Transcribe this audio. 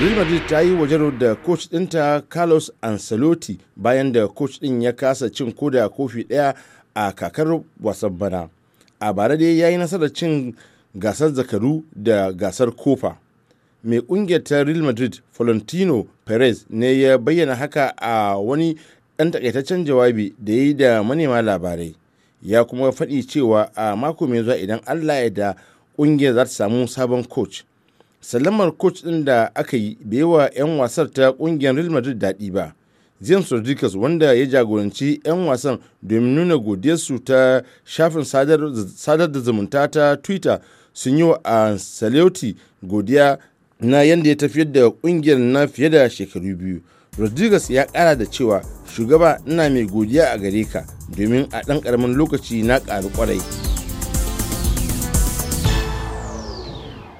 Real Madrid ta yi wajen da coach ɗinta Carlos Ancelotti bayan da coach ɗin ya kasa cin koda kofi ɗaya a kakar wasan bana. A bara dai ya yi nasarar cin gasar zakaru da gasar kofa. Mai ƙungiyar ta Real Madrid, Florentino Perez ne ya bayyana haka a wani ɗan takaitaccen jawabi da ya yi da manema labarai. Ya kuma faɗi cewa a mako mai zuwa idan Allah ya da ƙungiyar za ta samu sabon coach. salamar coach ɗin da aka yi bai wa 'yan wasar ta ƙungiyar real madrid daɗi ba james rodriguez wanda ya jagoranci 'yan wasan domin nuna godiyarsu ta shafin sadar da zumunta ta twitter sun yi wa ancelotti godiya na yadda ya tafiyar da ƙungiyar na fiye da shekaru biyu rodriguez ya kara da cewa shugaba ina mai godiya a gare ka domin a ɗan ƙaramin lokaci na ƙaru ƙwarai